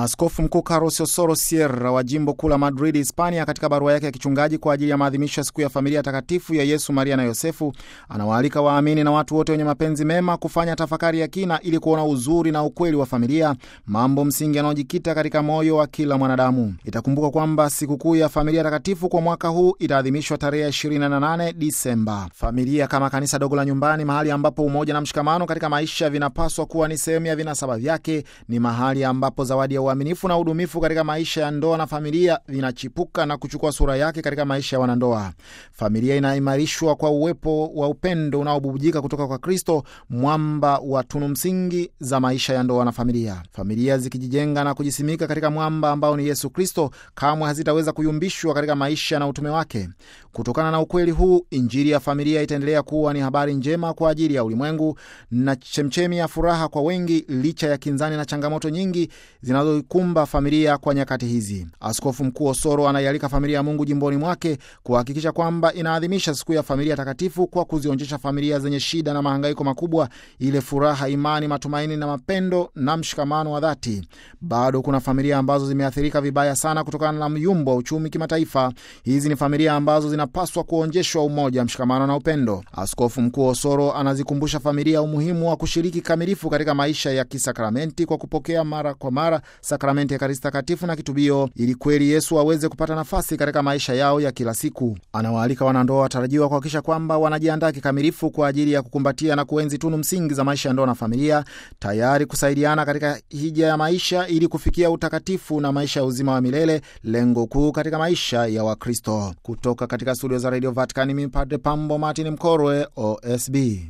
Askofu Mkuu Carlos Osoro Sierra wa jimbo kuu la Madrid, Hispania, katika barua yake ya kichungaji kwa ajili ya maadhimisho ya siku ya familia takatifu ya Yesu, Maria na Yosefu, anawaalika waamini na watu wote wenye mapenzi mema kufanya tafakari ya kina ili kuona uzuri na ukweli wa familia, mambo msingi yanayojikita katika moyo wa kila mwanadamu. Itakumbuka kwamba sikukuu ya familia takatifu kwa mwaka huu itaadhimishwa tarehe 28 Disemba. Familia kama kanisa dogo la nyumbani, mahali ambapo umoja na mshikamano katika maisha vinapaswa kuwa ni sehemu ya vinasaba vyake, ni mahali ambapo zawadi ya uaminifu na udumifu katika maisha ya ndoa na familia vinachipuka na kuchukua sura yake katika maisha ya wanandoa. Familia inaimarishwa kwa uwepo wa upendo unaobubujika kutoka kwa Kristo, mwamba wa tunu msingi za maisha ya ndoa na familia. Familia zikijijenga na kujisimika katika mwamba ambao ni Yesu Kristo, kamwe hazitaweza kuyumbishwa katika maisha na utume wake. Kutokana na ukweli huu, Injili ya familia itaendelea kuwa ni habari njema kwa ajili ya ulimwengu na chemchemi ya furaha kwa wengi, licha ya kinzani na changamoto nyingi zinazoikumba familia kwa nyakati hizi. Askofu Mkuu Osoro anaialika familia ya Mungu jimboni mwake kuhakikisha kwamba inaadhimisha siku ya familia takatifu kwa kuzionjesha familia zenye shida na mahangaiko makubwa ile furaha, imani, matumaini na mapendo na mshikamano wa dhati. Bado kuna familia ambazo zimeathirika vibaya sana kutokana na myumbo wa uchumi kimataifa. Hizi ni familia ambazo zina unapaswa kuonjeshwa umoja, mshikamano na upendo. Askofu mkuu Osoro anazikumbusha familia umuhimu wa kushiriki kamilifu katika maisha ya kisakramenti kwa kupokea mara kwa mara sakramenti ya Ekaristi Takatifu na kitubio, ili kweli Yesu aweze kupata nafasi katika maisha yao ya kila siku. Anawaalika wanandoa watarajiwa kuhakikisha kwamba wanajiandaa kikamilifu kwa ajili ya kukumbatia na kuenzi tunu msingi za maisha ya ndoa na familia, tayari kusaidiana katika hija ya maisha ili kufikia utakatifu na maisha ya uzima wa milele, lengo kuu katika maisha ya Wakristo. Kutoka katika studio za Radio Vaticani, mimi Padre Pambo Martin Mkorwe, OSB.